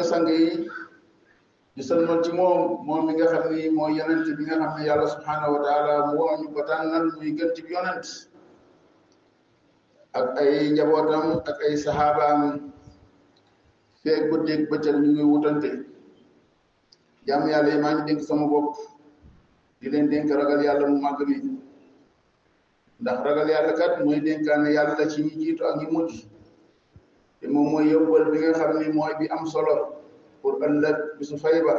sang yi ñu salmal ci moom moom mi nga xam ni mooy yonent bi nga xam ne yàlla subhaanahu wa mu woo ñu ko tànnal muy gën yonent ak ay njabootam ak ay saxaabaam feeg ba dégg bëccëg ñu wutante jàmm yàlla yi maa ngi dénk sama bopp di leen dénk ragal yàlla mu màgg mi ndax ragal yàlla kat mooy dénkaane yàlla ci ñi jiitu ak ñi mujj te moom mooy yóbbal bi nga xam ni mooy bi am solo pour ëllëg bi su fay ba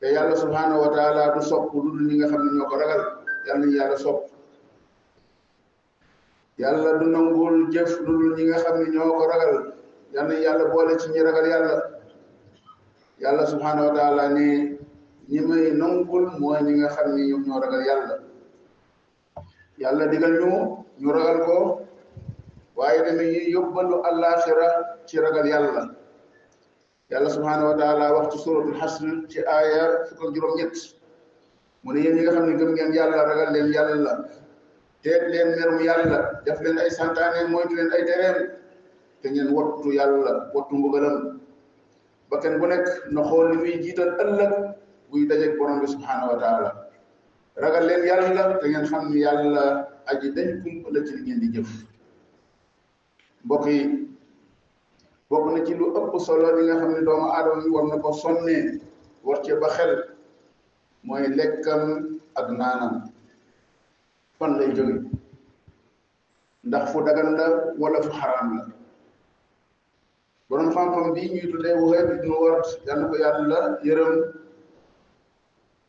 te yàlla subhaanahu wa taala du sopp xam ne ñoo ko ragal yàlla ñu yàlla sopp yàlla du dul ñi nga xam ne ñoo ko ragal yàlla boole ci ñi ragal yàlla yàlla subhaanahu wa taala ne ñi may nangul mooy ñi nga xam ni ñoom ñoo ragal yàlla yàlla digal ñu ñu ragal ko waaye tamit ñu yóbbalu àllaaxira ci ragal yàlla yàlla subhaanahu wa taala wax ci suratul ci aaya fukk ak juróom-ñett mu ne yéen ñi nga xam ne gëm ngeen yàlla ragal leen yàlla teet leen merum yàlla def leen ay santaane moytu leen ay tereem te ngeen wattu yàlla wattu mbugalam ba kenn bu nekk no xool li muy jiital ëllëg buy dajeeg borom bi subhaanahu wa taala ragal leen yàlla te ngeen xam ni yàlla aji dañ kumpa la ci li ngeen di jëf mbokk yi bokk na ci lu ëpp solo li nga xam ne doomu aadama war na ko sonnee war cee ba xel mooy lekkam ak naanam fan lay jóge ndax fu dagan la wala fu xaraam la borom xam-xam bii ñuy tuddee Wuhayb ibn Ward yàlla ko yàlla yërëm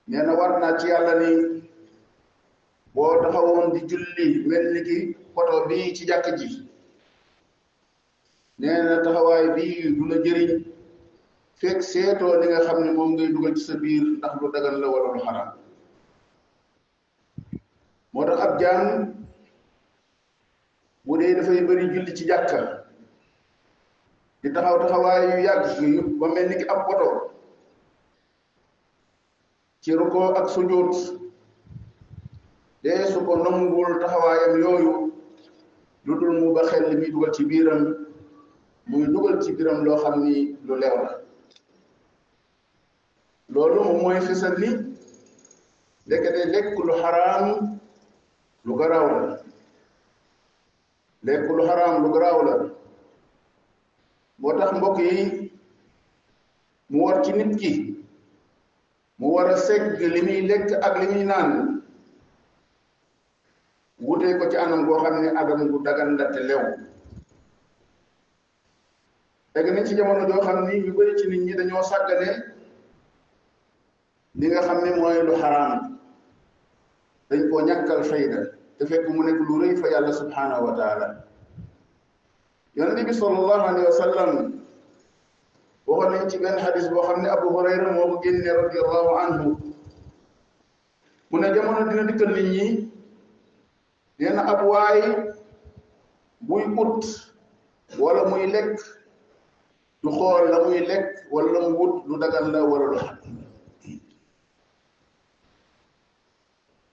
nee na war naa ci yàlla ni boo taxawoon di julli mel ni ki poto bii ci jàkk ji nee na taxawaay bii du la jëriñ fekk seetoo li nga xam ne moom ngay dugal ci sa biir ndax lu dagan la wala lu xaraam moo tax ab jaam bu dee dafay bëri julli ci jàkka di taxaw taxawaay yu yàgg ba mel ni ki ab poto ci ruko ak sujjóot dee su ko nangul taxawaayam yooyu lu dul mu ba xel li dugal ci biiram muy dugal ci biiram loo xam ni lu leew la loolu moom mooy xisal ni ndekete lekk lu xaraam lu garaaw la lekk lu xaraam lu garaaw la moo tax mbokk yi mu war ci nit ki mu war a segg li muy lekk ak li muy naan wutee ko ci anam goo xam ne adam gu dagan la te lew teg nañ ci jamono joo xam ni ñu dañoo sàggane li nga xam ne mooy lu xaraam dañ koo ñàkkal fayda te fekk mu nekk lu rëy fa yàlla subhanahu wa taala yonente bi sallallahu alayhi wa waxoon nañ ci benn xadis boo xam ne Abu Hurayra moo ko génne radiyallahu anhu mu ne jamono dina dikkal ni ñi nee na ab waay buy ut wala muy lekk du xool la muy lekk wala la mu wut lu dagan la wala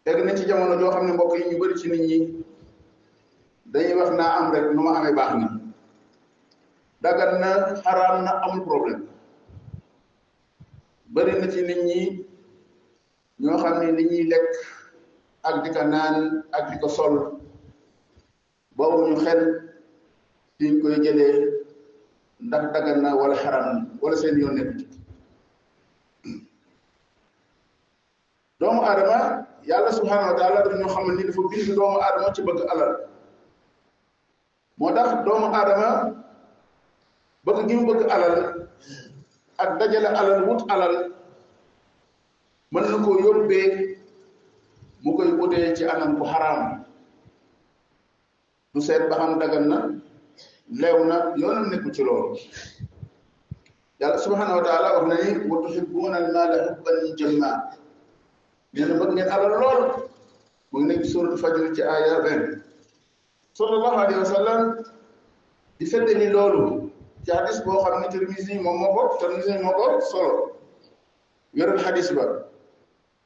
egg na ci jamono joo xam ne mbokk yi ñu bari ci nit ñi dañuy wax naa am rek nu ma amee baax na dagan na xaraam na amul problème bari na ci nit ñi ñoo xam ne li ñuy lekk ak di ko naan ak di ko sol boobu ñu xel ci koy jëlee ndax dagan na wala xaram na wala seen yoon nekk ci doomu aadama yàlla subhanahu wa taala daf ñoo xamal ni dafa bind doomu aadama ci bëgg alal moo tax doomu aadama bëgg gi mu bëgg alal ak dajale alal wut alal mën na ko yóbbee mu koy wutee ci anam bu xaraam mu seet ba xam dagan na leew na yoonam nekku ci loolu yàlla subhanahu wa taala wax na ni wa tuhibbuuna al-maala hubban jammaa nee na bëgg ngeen alal lool mu ngi nekk surat fajr ci aaya vingt sallallahu alayhi wa sallam di fedde ni loolu ci hadis boo xam ne Tirmisi moom moo ko Tirmisi moo solo wéral hadis ba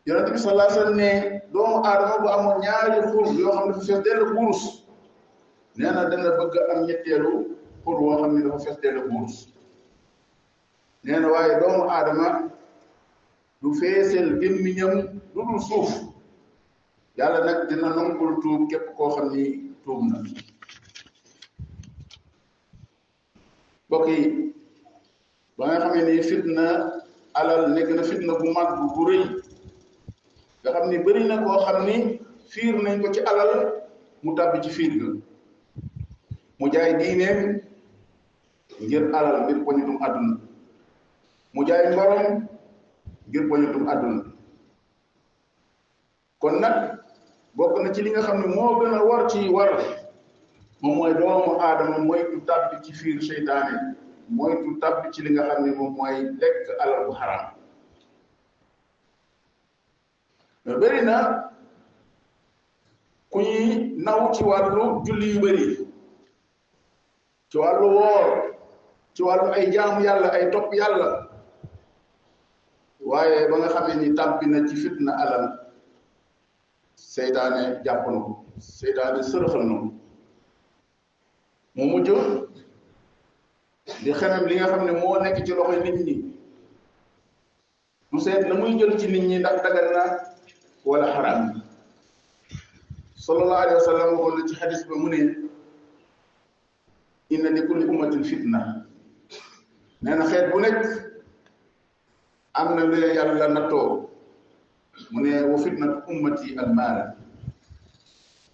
yonent bi sallallahu alayhi wasallam ne doomu aadama bu amoon ñaari xur yoo xam ne dafa fees dell wurus nee am ñetteelu xur boo xam ne dafa fees na waaye doomu aadama du feeseel gémmiñam lu dul suuf yàlla nag dina nangul tuub képp koo xam ni tuub na mbokk yi ba nga xamee ni fitna alal nekk na fitna bu mag bu rëy nga xam ni bëri na koo xam ni fiir nañ ko ci alal mu tàbbi ci fiir ga mu jaay diineem ngir alal ngir poñitum àdduna mu jaay ngorom ngir poñitum àdduna kon nag bokk na ci li nga xam ne moo gën a war ci war moom mooy doomu aadama moytu tàbbi ci fiir seytaane moytu tàbbi ci li nga xam ne moom mooy lekk alal bu xaraam mais bëri na ku ñuy naw ci wàllu julli yu bëri ci wàllu woor ci wàllu ay jaamu yàlla ay topp yàlla waaye ba nga xam ni tàbbi na ci fitna alal seytaane jàpp na ko seytaane sërëxal na mu mujj di xemem li nga xam ne moo nekk ci loxo nit ñi mu seet la muy jël ci nit ñi ndax dagan na wala xaraam sallallahu alayhi wa sallam ci xadis ba mu ne inna li kulli ummatin fitna nee xeet bu nekk am na lu yàlla nattoo mu ne wa fitnatu ummati almaal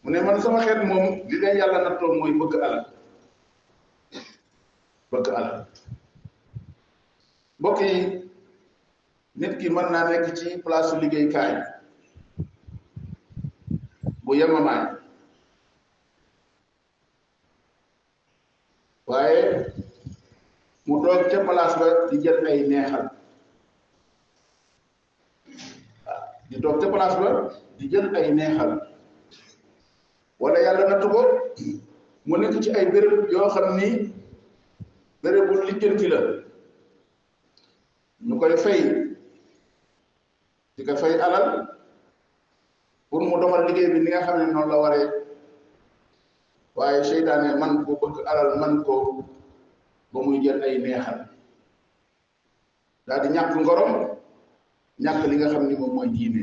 mu ne man sama xeet moom li leen yàlla nattoo mooy bëgg alal bëgg alal mbokk yi nit ki mën naa nekk ci place su liggéeykaay bu yemamaay waaye mu toog ca place ba di jël ay neexal di toog ca place ba di jël ay neexal wala yàlla nattu ko mu nekk ci ay béréb yoo xam ni bërëbu lijjanti la ñu koy fay di ko fay alal pour mu doxal liggéey bi ni nga xam ne noonu la waree waaye seytaane man ko bëgg alal man ko ba muy jël ay neexal daal di ñàkk ngorom ñàkk li nga xam ni moom mooy diine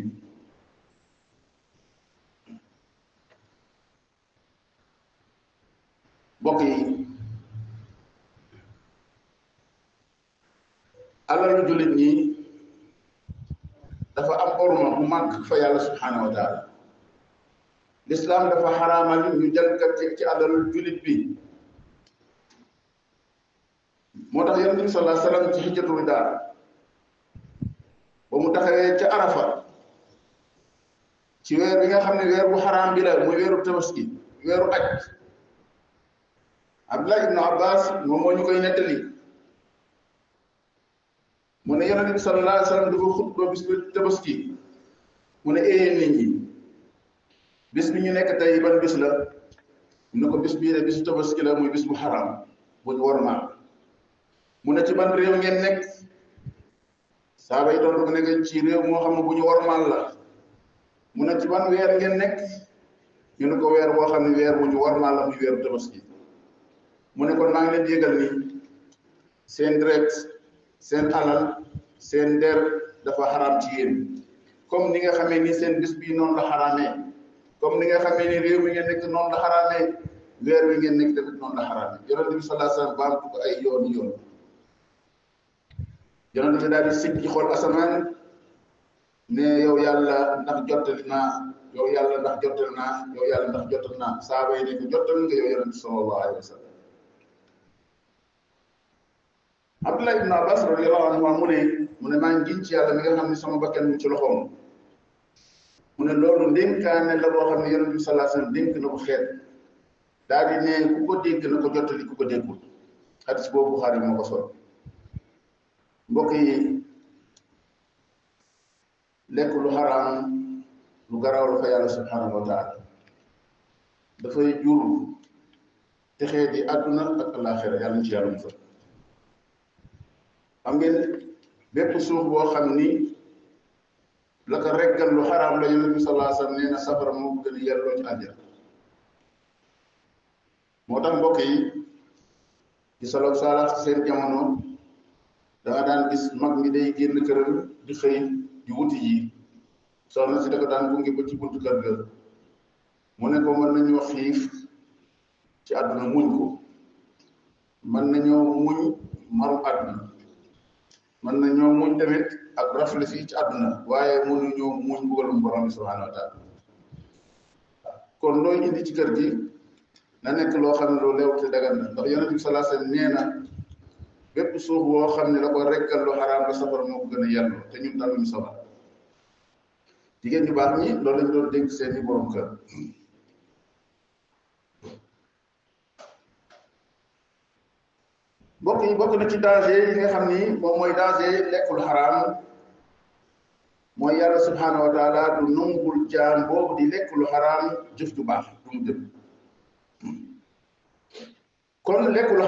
bokk alalu jullit ñi dafa am orma bu màgg fa yàlla subhanahu wa taala lislaam dafa xaraamal ñu jalgati ci alalu jullit bi moo tax yonent bi sallallahu alayhi ci xijjatul wadaar ba mu taxawee ci arafa ci weer bi nga xam ne weer bu xaraam bi la muy weeru tabaski weeru aj Abdullah ibn Abbas moom moo ñu koy nettali mu ne yonent bi sallallahu alayhi wa sallam dafa xutba bis bu tabaski mu ne ee eh, nit ñi bis bi ñu nekk tey ban bis la mu ne ko bis bii de bisu tabaski la muy bis bu xaram bu ñu war mun mu ne ci ban réew ngeen nekk saaba ne doon ko nekk ci réew moo xam ne bu ñu war la mu ne ci ban weer ngeen nekk ñu ne ko weer boo xam ne weer bu ñu war maal la muy mu ne kon maa ngi leen di seen direct seen alal seen der dafa xaraam ci yéen comme ni nga xamee ni seen bis bii noonu la xaraamee comme ni nga xamee ni réew mi ngeen nekk noonu la xaraamee weer wi ngeen nekk tamit noonu la xaraamee yonent bi sallallahu alayhi ko ay yoon yoon yonent bi daal di sigg ci xool asamaan ne yow yàlla ndax jottali naa yow yàlla ndax jottali naa yow yàlla ndax yow yonent bi sallallahu alayhi Abdoulaye ibn Abbas radiyallahu anhu mu ne mu ne maa ngi ci yàlla mi nga xam ne sama bakkan mu ci loxoom mu ne loolu ndénkaane la boo xam ne yonent bi sallallahu alayhi na ko xeet daal di ne ku ko dégg na ko jottali ku ko déggul hadis boobu Buxaari moo ko sol mbokk yi lekk lu xaraam lu garaaw fa yàlla subhaanahu wa taala dafay jur texee di yàlla ñu ci xam ngeen bépp suuf boo xam ni la ko reggal lu xaraam la yonent bi sallallahu alayhi wasallam nee na safara moo gën a yelloo ci àjjana moo tax mbokk yi ci saloog seen jamono danga daan gis mag mi day génn këram di xëy di wuti yi soxna si da daan gunge ba ci buntu kër ga mu ne ko mën nañoo xiif ci àdduna muñ ko mën nañoo muñ maru àdduna mën na ñoo muñ tamit ak rafle fii ci àdduna waaye mënu ñoo muñ mbugalum borom bi subhanahu wa taala kon looy indi ci kër gi na nekk loo xam ne lu leew ki dagan na ndax yonent bi salaa sallam nee bépp suuf woo xam ne la ko rekkal lu xaraam la safara ko gën a yelloo te ñun tamit ñu safar jigéen ñu baax ñi loolu lañ doon dégg seen i kër bokk yi bokk na ci danger yi nga xam ni moom mooy danger lekkul xaraam mooy yàlla subhaanahu wa taala du nungul jaam boobu di lekk lu jëf ju baax du mu jëf kon lekk lu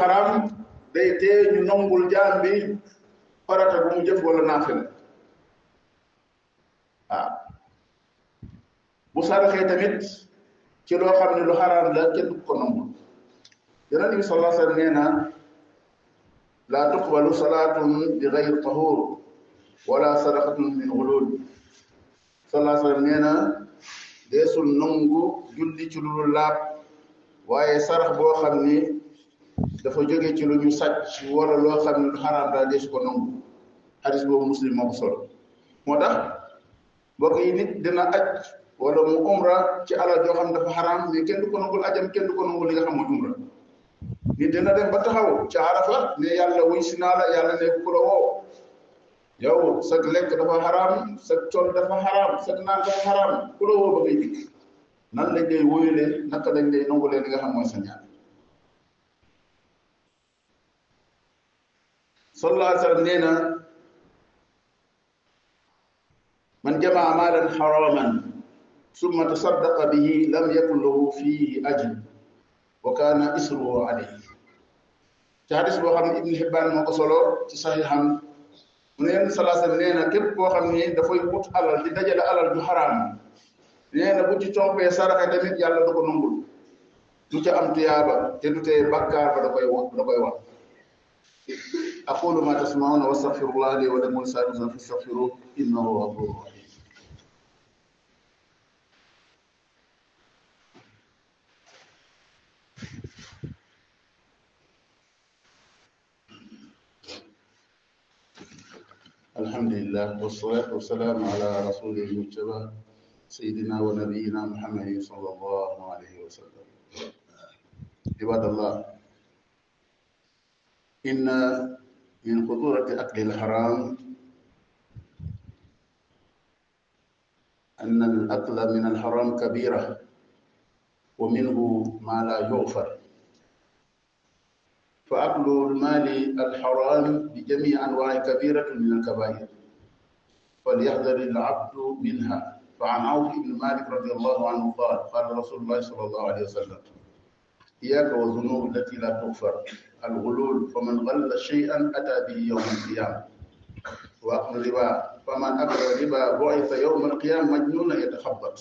day tee ñu nungul jaam bi farata bu mu jëf wala naafila waaw ah. bu saraxee tamit ci loo xam ne lu xaraam la kenn du ko nangul yonent bi sallallahu alayhi wa na laa tuqbalu salaatun bi gayri tahur wala sadaqatun min xulul salaa sallam nee na deesul nangu julli ci lu laab waaye sarax boo xam ni dafa jóge ci lu ñu sàcc wala loo xam ne lu xaraam daa deesu ko nangu xadis boobu muslim moo sol moo tax mbokk yi nit dina aj wala mu umra ci alal joo xam dafa xaraam mais kenn du ko nangul ajam kenn du ko nangul li nga xam mooy umra ni dina dem ba taxaw ca ne yàlla wuy si naa la yàlla ne ku la woo yow sa lekk dafa xaraam sa tool dafa xaraam sa naan dafa xaraam ku woo ba ngay dikk nan lañ lay wóyulee naka lañ lay nangulee li nga xam mooy sa nee na man jamaa maalan xaraman summa tasaddaqa bihi lam yakun lahu fiihi ajr wa kaana isruhu alayhi ci hadis boo xam ne Ibn Hibbaan moo ko solo ci saxiixam mu ne yenn koo xam ne dafay wut alal di dajale alal ju xaraam nee na ci compee saraxe tamit yàlla du ko nangul du ca am tiyaaba te du tee bakkaar ba da koy wax da koy wax aqulu ma tasmauna wa astaghfirullaha li wa lakum sa'irin fastaghfiruhu innahu huwa alhamdulillah wassalatu wassalaamu ala rasulihi mujtaba sayidina wa nabiyina muhammadin sallallahu alayhi wa sallam ibadallah إن من خطورة أكل الحرام أن الأكل من الحرام كبيرة ومنه ما لا يغفر فأكل المال الحرام بجميع أنواع كبيرة من الكبائر فليحذر العبد منها فعن عوف بن مالك رضي الله عنه قال قال رسول الله صلى الله عليه وسلم إياك والذنوب التي لا تغفر الغلول فمن غل شيئا أتى به يوم القيامة وأكل الربا فمن أكل الربا بعث يوم القيامة مجنونا يتخبط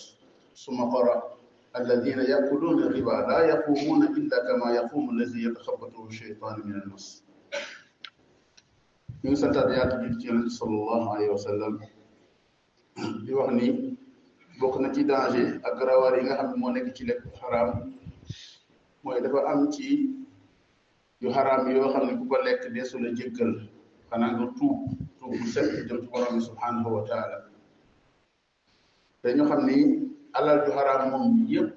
ثم قرأ alladina yakuluna riba la yaqumuna illa kama yaqumu alladi yataxabatuhu sheytaanu min almas ñu ngi santaat yaatu jul ci yonent sallallahu alayhi wa sallam wax ni bokk na ci danger ak rawaar yi nga xam ne moo nekk ci lekk xaraam mooy dafa am ci yu xaraam yoo xam ne ku ko lekk deesu la jéggal xanaa nga tuub tuub bu set jëm xam ni alal ju xaraam moom yépp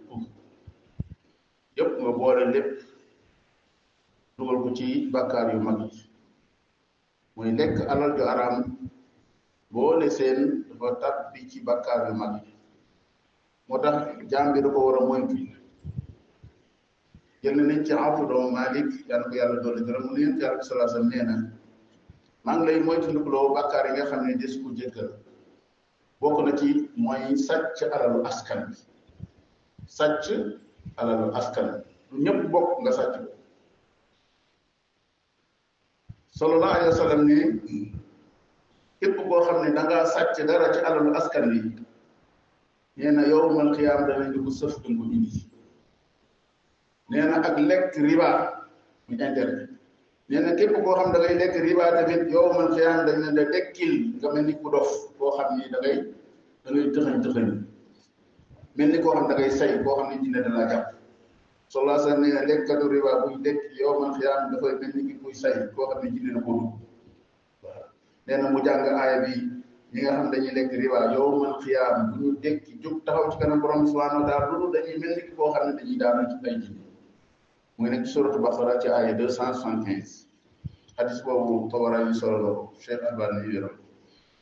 yépp nga boole lépp dugal ko ci bàkkaar yu mag yi muy lekk alal ju xaraam boole seen dafa tàbbi ci bàkkaar yu mag moo tax jaam bi da ko war a moytu ci Awfu doomu maa yàlla ko yàlla dolli dara mu ne yonent yàlla bi sallallahu maa ngi lay moytu ndikuloo bàkkaar yi nga xam ne des ko jëkkal bokk na ci mooy sàcc alalu askan bi sàcc alalu askan bi lu bokk nga sàcc ko sallallahu alayhi wa ne képp koo xam ne da ngaa sàcc dara ci alalu askan bi nee na yawmal qiyaam danañ di sëf ko indi nee na ak lekk riba mu interdit nee na képp koo xam da ngay lekk riba tamit yow man xiyam dañ ne la tekkil ni ku dof koo xam ni da ngay da ngay tëxañ ni koo xam ne jinne da laa jàpp soxlaa sax nee na lekkatu riba buy lekk yow man xiyam dafay mel ni ki kuy say koo xam ne jinne da koo dugg waaw mu jàng aaya bi ñi nga xam dañuy lekk riba yow man xiyam bu ñu dekki jóg taxaw ci kanam borom subhanahu wa taala loolu dañuy mel ni ki koo xam ne dañuy daanu ci ay jinne muy nekk suratu Baqara ci aaya xadis boobu Tabarani solo la ko Cheikh Albani wéram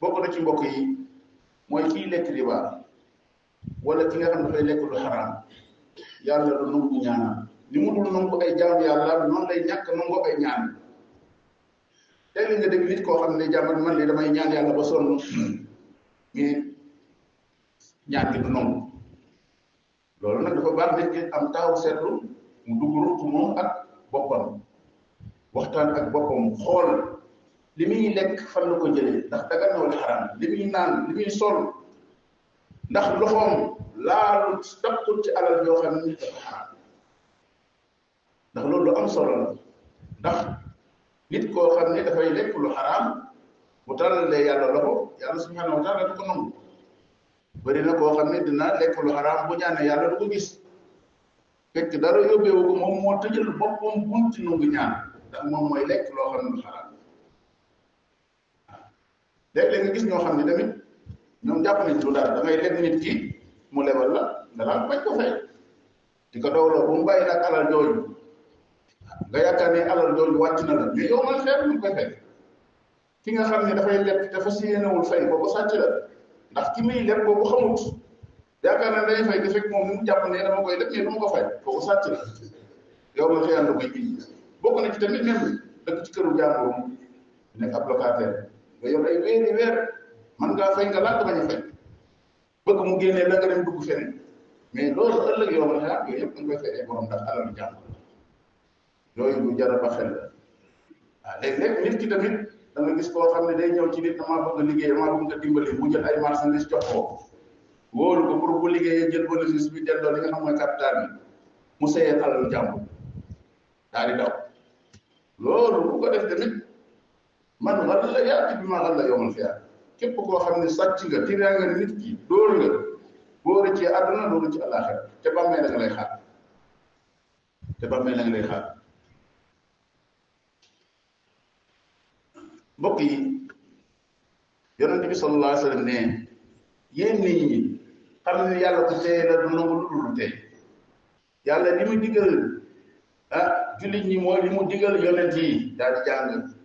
bokk na ci mbokk yi mooy kii lekk riba wala ki nga xam dafay lekk lu xaraam yàlla du nangu ñaanam ni mu dul nangu ay jaam yàlla noonu lay ay ñaan léeg-léeg nga dégg koo xam ne jàmm man li damay ñaan yàlla ba sonn mais ñaan gi du loolu nag dafa baax nit am taawu seetlu mu dugg ruq ak boppam. waxtaan ak boppam xool li muy lekk fan la ko jëlee ndax dagan na wala xaraam naan li sol ndax loxoom laalu ci alal yoo xam ni dafa ndax loolu lu am solo la ndax nit koo xam ne dafay lekk lu xaraam bu tàllalee yàlla loxo yàlla subhanahu wa taala du ko nangu bëri koo xam ne dina lekk lu bu ñaanee yàlla du gis dara yóbbeewu ko moom moo tëjal boppam bunti nangu ñaan te moom mooy lekk loo xam ne lu xaraam léeg gis ñoo xam ne tamit jàpp nañ lu daal da lekk nit ki mu lebal la nga daan bañ ko fay di ko dooloo bu mu bàyyi nag alal jooju nga yaakaar ne alal jooju wàcc na la mais yow man xeer ñu koy ki nga xam ne dafay lekk te fas yéenewul fay boobu sàcc la ndax ki muy lekk boobu xamut yaakaar ne day fay te fekk moom mu jàpp ne dama koy lekk mais du ma ko fay boobu sàcc la yow man xëy na da koy bokk na ci tamit même dëkk ci këru jàmbur nekk ab locataire nga yor weer weer mën ngaa fay nga laata bañ a fay bëgg mu génnee la dem dugg feneen mais loolu ëllëg yooyu yëpp da nga koy fay ay borom ndax alal jàmbur yooyu jar a ba xel la ah léeg-léeg nit ki tamit da nga gis koo xam ne day ñëw ci nit damaa bëgg a liggéey damaa bëgg nga dimbali mu jël ay jox ko wóolu ko pour bu liggéeyee jël bénéfice bi delloo li nga xam mooy capital bi mu seeyee alal jàmbur daal di daw. loolu bu ko def tamit man xal la yaati bi ma xal la yomal xiyaar képp koo xam ne sàcc nga tiraa nga nit ki dóor nga boo rëccee àdduna doo rëcc àllaaxira te bàmmee la nga lay xaar te bàmmee la xaar mbokk yi yonent bi sallallahu alayhi ne yéen xam ne yàlla ku tey la du nangu dul tey yàlla li mu digal ah jullit ñi mooy li mu digal yonent yi daal di jàng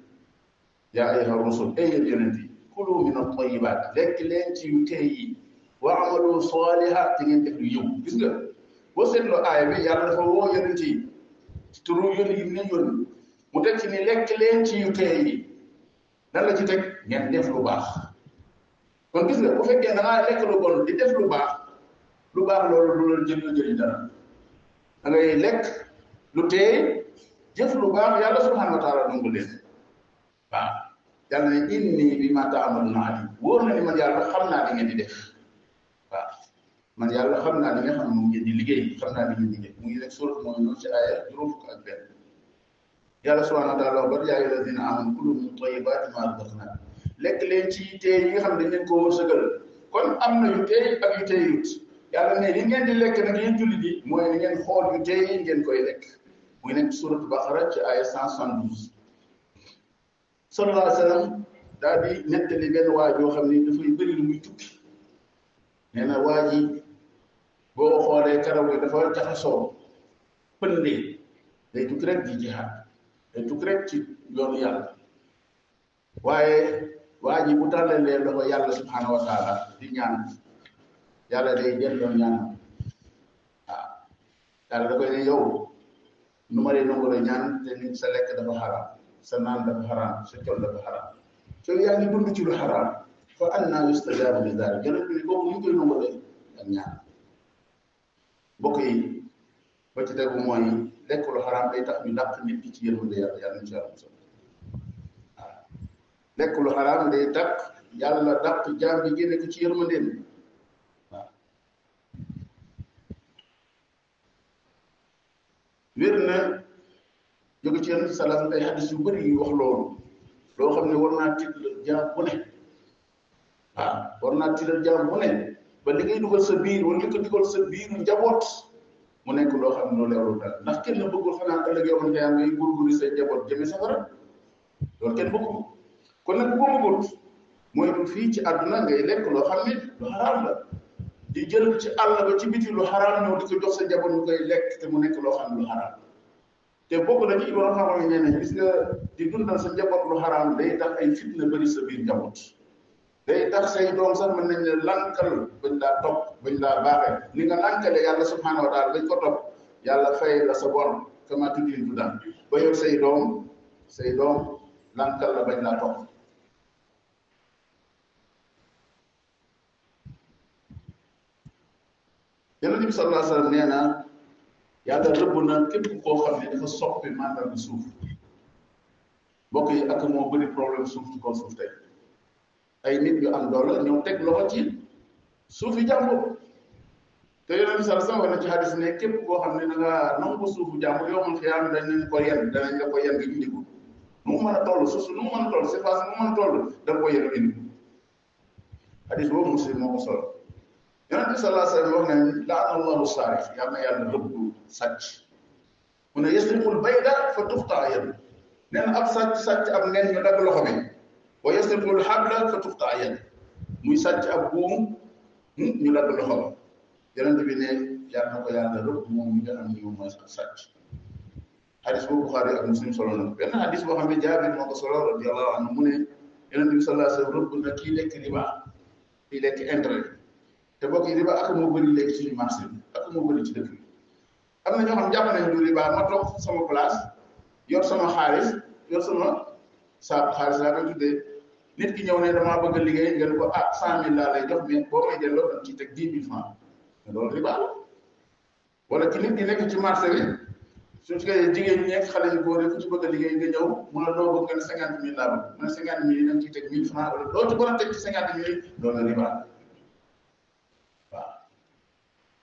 yaa ayyuha rusul ay yéen yonent yi kulu lekk leen yu tey yi wa amalu saalihat te ngeen def lu yëw gis mu teg ci ni lekk leen yu tey yi nan la ci def lu baax kon gis nga bu fekkee da lekk lu bon di def lu baax lu baax loolu du la jël la jëriñ lekk lu tey jëf lu baax yàlla subhanahu yàlla ne inni bi ma taamaluuna alim wóor na ni man yàlla xam naa li ngeen di def man yàlla xam naa li ne di liggéey xam naa li di mu ngi nekk surat mooy noonu ci aaya ba yaa ayyuha allazina amanu lekk leen ci tey yi nga xam ne dañ leen koo wërsëgal kon am na yu tey ak yu teyut yàlla ne li ngeen di lekk nag yéen jullit yi mooy li ngeen xool yu tey ngeen koy lekk muy nekk suuratu baqara ci ay cent soixante-douze sallallahu alayhi wa sallam daal di nettali benn xam ni dafay bëri lu tukki nee na waa ji boo xoolee karaw yi dafa jaxasoo pëndee day tukki rek di jihaad day tukki rek ci yoonu yàlla waaye waa ji bu tàllalee loxo yàlla subhaanahu wa di ñaan yàlla day jël doon ñaan waaw yàlla da koy ne yow nu ma dee nangu la ñaan te ni sa lekk dafa xaraam sa naan dafa xaraam sa col dafa xaraam te yaa ngi dund ci lu xaraam fa annaa yustajaabu li daal gën a ni kooku ñu koy nangu la ak ñaan mbokk yi ba ci tegu mooy lekk lu xaraam day tax ñu ki ci yërmande yàlla wér na jóge ci yenn salaam ay xadis yu bëri yu wax loolu loo xam ne war naa tiital jaam bu ne war naa tiital jaam bu ne ba li ngay dugal sa biir wala li dugal sa biir njaboot mu nekk loo xam ne loolu leerul daal ndax kenn bëggul fanaan ëllëg kon nag boo mooy fii ci àdduna ngay lekk loo xam ne lu xaraam la di jël ci àll ba ci biti lu xaraam ñëw di ko jox sa njaboot ñu koy lekk te mu nekk loo xam ne lu xaraam te bokk na ci borom xam-xam ne gis nga di dundal sa njaboot lu xaraam day tax ay fitna bëri sa biir njaboot day tax say doom sax mën nañ ne lankal bañ laa topp bañ laa baaxee ni nga lankale yàlla subhaanahu wa taala ko topp yàlla fay la sa bon kama tuddil du daan ba yow say doom say doom lankal la bañ laa topp yonent bi sallallahu alayhi wa sallam nee na yàlla rëbb na képp koo xam ne dafa soppi maanaam suuf mbokk yi ak moo bëri suuf ci ay nit yu am doole ñëw teg loxo ci suuf yi jàmbur te yonent bi sallallahu alayhi wa sallam ci hadis ne képp koo xam ne da nga nangu suufu jàmbur yow man xiyaam danañ ko yenn danañ la ko yenn indi ko nu mu mën a toll suuf nu mu mën a toll ko nu mu mën a toll da nga ko yenn indi ko hadis boobu muslim moo ko solo yonent bi sallallahu alayhi wa sallam wax ne la'ana Allahu saarix yal na yàlla rëbb sàcc mu ne yasriqul bayda fa tuqta'a yadu nee na ab sàcc sàcc ab nen ñu dagg loxo bi wa yasriqul habla fa tuqta'a yadu muy sàcc ab buum hmm, ñu dagg loxo ba yonent bi ne yal na ko yàlla rëbb moom mi nga xam ne moom mooy sàcc hadis boobu Buxaari ak Muslim solo na benn hadis boo xam ne Jaabir moo ko solo radiyallahu anhu mu ne yonent bi sallallahu alayhi wa sallam rëbb na kii lekk riba kii lekk intérêt te bokk yi riba ak moo bëri léegi suñu marché bi ak moo bëri ci dëkk bi am na ñoo xam jàpp nañ du riba ma toog sama place yor sama xaalis yor sama saabu xaalis laa koy tuddee nit ki ñëw ne damaa bëgg a liggéey ngeen ko ah cent mille laa lay jox mais boo may delloo dañ ci bi su fekkee jigéen ñi nekk xale ci bëgg a liggéey nga ñëw mu ne loo bëgg nga ne cinquante mille laa bëgg mu ne cinquante mille yi dañ ciy teg mille francs wala loo ci a teg ci cinquante mille loolu riba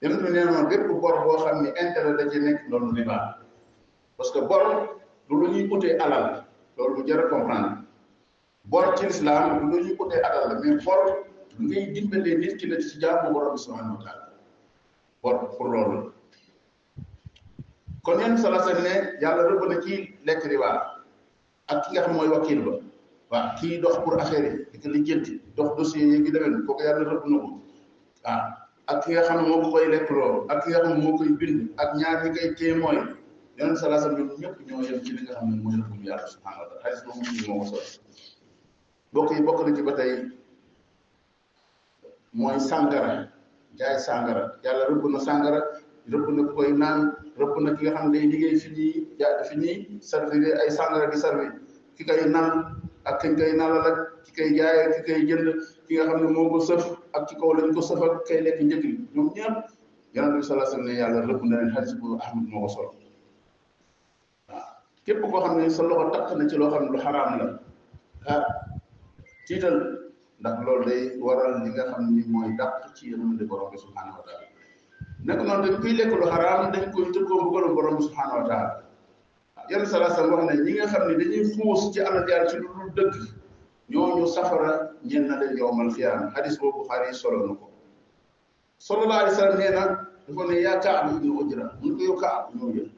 yonent bi nee noonu bépp bor boo xam ne intérêt da ci nekk loolu riba parce que bor du lu ñuy utee alal loolu lu jar a comprendre bor ci lislaam du lu ñuy utee alal la mais bor lu ngay dimbalee nit ki la ci jaamu borom bor pour loolu kon yéen sala seen ne yàlla rëbb na ci lekk riba ak nga xam mooy wakiil ba waaw kii dox pour affaire yi di ko lijjanti dox dossier yi ngi demee ko yàlla rëbb na ko waaw ak ki nga xam ne moo ko koy lekk ak ki moo koy bind ak ñaar ñi koy témoin yonent salaa sallam ñoom ñëpp ñoo yem ci li nga xam ne mooy rëbbum yàlla subhanahu wa taala xaalis moom ñu moo sol bokk yi bokk na ci ba tey mooy sàngara jaay sàngara yàlla rëbb na sàngara rëbb na ku koy naan rëbb na ki nga xam ne day liggéey fi ñuy ja fi ñuy servir ay sàngara di servir ki koy naan ak kañ koy nalal ak ki koy jaay ak ki koy jënd ki nga xam ne moo ko ak ci kaw lañ ko sëf ak kay lekk njëkk bi ñoom ñëpp yonent bi sallallahu ne yàlla rëbb na leen bu Ahmad moo ko koo xam ne sa loxo takk na ci loo xam ne lu xaraam la ah, loolu day waral li nga xam ci yërmande borom bi subhanahu wa taala nekk noonu dañ koy lekk lu xaraam dañ koy tëkkoo mbugalu borom bi subhanahu wa taala yenn salaasam wax na ñi nga xam ne dañuy xuus ci alal yàlla ci lu dul dëgg ñooñu safara ñeen na leen yowmal xiyaam xadis boobu Buxaari solo na ko sallallahu alayhi wa sallam nee na dafa ne yaa ko yow Kaab ñoo jël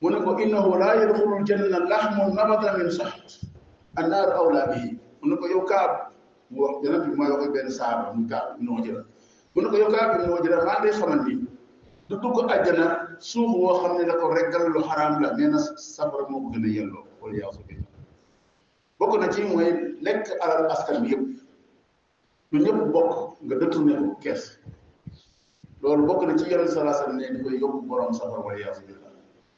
mu ne ko innahu laa yadxulul janna laxmun nabata min saxt annaar awlaa bihi mu ne ko yow Kaab wax yeneen bi mooy wax benn saaba mu Kaab ibnu Ujra mu ne ko yow Kaab ibnu Ujra maa ngi xamal ni te dugg àjjana suuf woo xam ne da ko reggal lu xaraam la nee na safara moo ko gën a yelloo wala yaa bi bokk na ci mooy lekk alal askan bi yëpp lu ñëpp bokk nga bokk na ci yeneen salaasal ne di koy borom safara wala yaa bi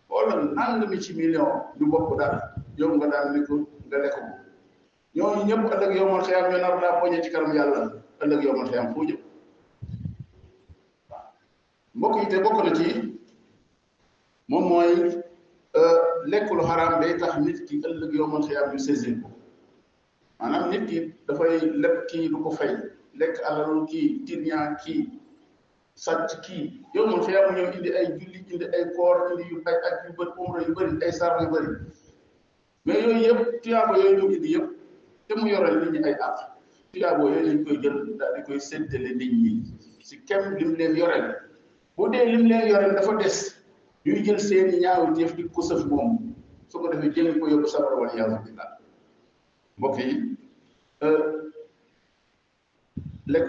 wala nang mi ci million ñu bokk daal yow nga daal ni ko nga lekk ko ñooñu ñëpp ëllëg yow man xëyam ñu nar daa ci kanam yàlla ëllëg yow man foo jëm mbokk yi te bokk na ci moom mooy euh, lekk lu xaraam day tax nit ki ëllëg yowmal xiyaam ñu saisir ko maanaam nit ki dafay leb kii du ko fay lekk alalu kii tirñaa kii sàcc kii yowmal xiyaam ñëw indi ay julli indi ay koor indi yu ay ak yu bëri ay sar yu bëri mais yooyu yëpp tuyaaba yooyu mu indi yëpp te mu yoral nit ay at tuyaaba yooyu lañ koy jël daal di koy séddale nit ñi si kem lim leen yoreel boo dee lim leen yore dafa des yuy jël seeni ñaawu jëf di ko sëf moom su ko defee jëlee ko yóbbu sabar wala yàlla billah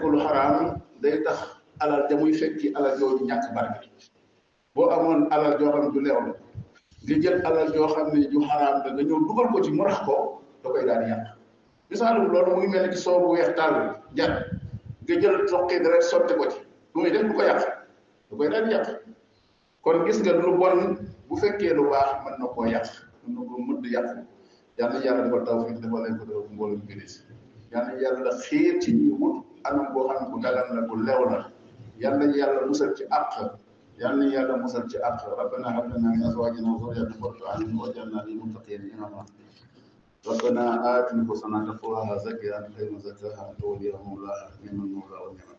euh, day tax alal ja muy fekki alal jooju ñàkk barke boo amoon alal joo xam du leew la nga jël alal joo xam ne ju xaraam la ñëw dugal ko ci mu rax ko da koy daal di yàq loolu mu mel ni ki soobu weex taal jar nga jël toqi dara sotti ko ci lu muy def du ko yàq da koy daal yàq kon gis nga lu bon bu fekkee lu baax mën na koo yàq mën na koo mëdd yàq yal na yàlla dafa taw fii dafa lañ ko doon mbooloo juris yal na yàlla xiir ci ñuy wut anam boo xam ne bu dagan la bu lew la yal na yàlla musal ci àq yal na yàlla musal ci àq rabbana hab lana min azwajina wa dhurriyyatina qurrata a'yunin waj'alna lil muttaqina imama ربنا آتنا حسنة تقواها زكها خير زكاها أنت وليها مولاها نعم المولى ونعم